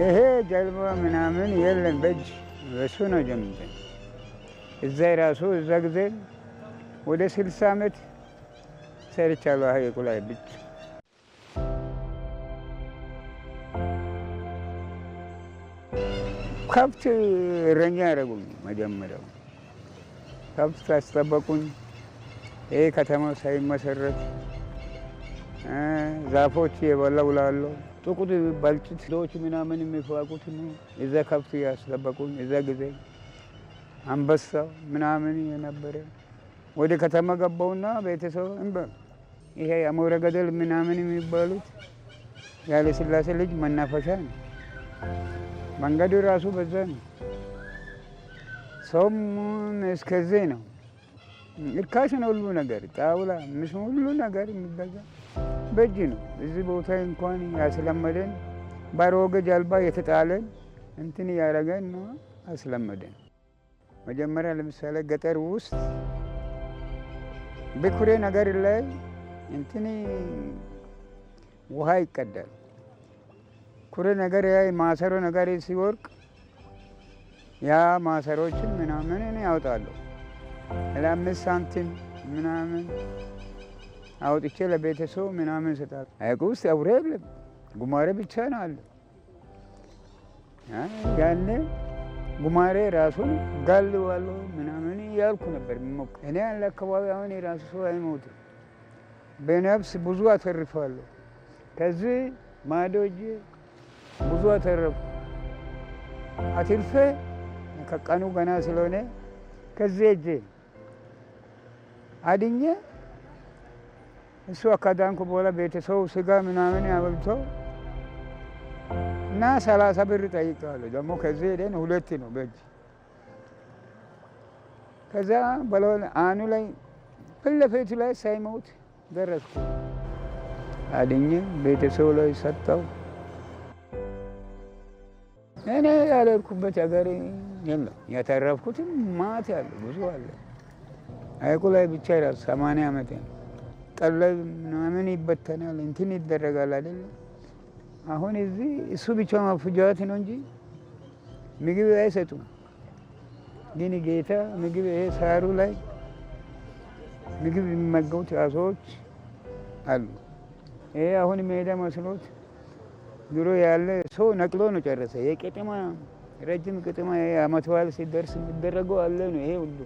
ይሄ ጀልባ ምናምን የለም። በእጅ በሱ ነው ጀምጠ እዛ የራሱ እዛ ጊዜ ወደ ስልሳ ዓመት ሰርቻለሁ። ሀይቁ ላይ ብቻ ከብት እረኛ ያደረጉኝ መጀመሪያው ከብት አስጠበቁኝ። ይሄ ከተማው ሳይመሰረት ዛፎች የበላውላለሁ ጥቁት ባልጭት ሰዎች ምናምን የሚፈዋቁት እዛ ከብት ያስጠበቁኝ እዛ ጊዜ አንበሳው ምናምን የነበረ ወደ ከተማ ገባውና ቤተሰብ ይሄ የአሞረ ገደል ምናምን የሚባሉት ያለ ስላሴ ልጅ መናፈሻ ነው። መንገዱ ራሱ በዛ ነው። ሰውም እስከዚህ ነው። እርካሽ ነው ሁሉ ነገር ጣውላ ምስ ሁሉ ነገር የሚገዛ በእጅ ነው። እዚህ ቦታ እንኳን ያስለመደን ባሮገ ጀልባ የተጣለን እንትን ነው አስለመደን። መጀመሪያ ለምሳሌ ገጠር ውስጥ በኩሬ ነገር ላይ እንትን ውሃ ይቀዳል። ኩሬ ነገር ያ ማሰሮ ነገር ሲወርቅ ያ ማሰሮችን ምናምን ያውጣሉ። ለአምስት ሳንቲም ምናምን አውጥቼ ለቤተሰቡ ምናምን ሰጣል። ሐይቁ ውስጥ አውሬ የለም፣ ጉማሬ ብቻ ነው አለ። ያኔ ጉማሬ ራሱን ጋልባለሁ ምናምን እያልኩ ነበር የሚሞክር። እኔ ያለ አካባቢ አሁን የራሱ ሰው አይሞትም፣ በነፍስ ብዙ አተርፋለሁ። ከዚህ ማዶ እጄ ብዙ አተረፉ አትልፌ ከቀኑ ገና ስለሆነ ከዚህ እጄ አድኜ እሱ አካዳንኩ በኋላ ቤተሰቡ ስጋ ምናምን ያበልቶ እና ሰላሳ ብር ጠይቃሉ። ደግሞ ከዚህ ሄደን ሁለት ነው በእጅ ከዛ በለሆነ አኑ ላይ ፍለፌቱ ላይ ሳይሞት ደረስኩ። አድኝ ቤተሰቡ ላይ ሰጠው። እኔ ያለርኩበት ሀገር የለም። የተረፍኩትም ማት ያለ ብዙ አለ። ሐይቁ ላይ ብቻ ይላል ሰማንያ ዓመት ጠለብ ምናምን ይበተናል፣ እንትን ይደረጋል አይደለ? አሁን እዚህ እሱ ብቻ ማፍጃት ነው እንጂ ምግብ አይሰጡም። ግን ጌታ ምግብ ይሄ ሳሩ ላይ ምግብ የሚመገቡት አሳዎች አሉ። ይሄ አሁን ሜዳ መስሎት ድሮ ያለ ሰው ነቅሎ ነው ጨረሰ። የቄጠማ ረጅም ቄጠማ ዓመት በዓል ሲደርስ የሚደረገው አለ ነው ይሄ ሁሉ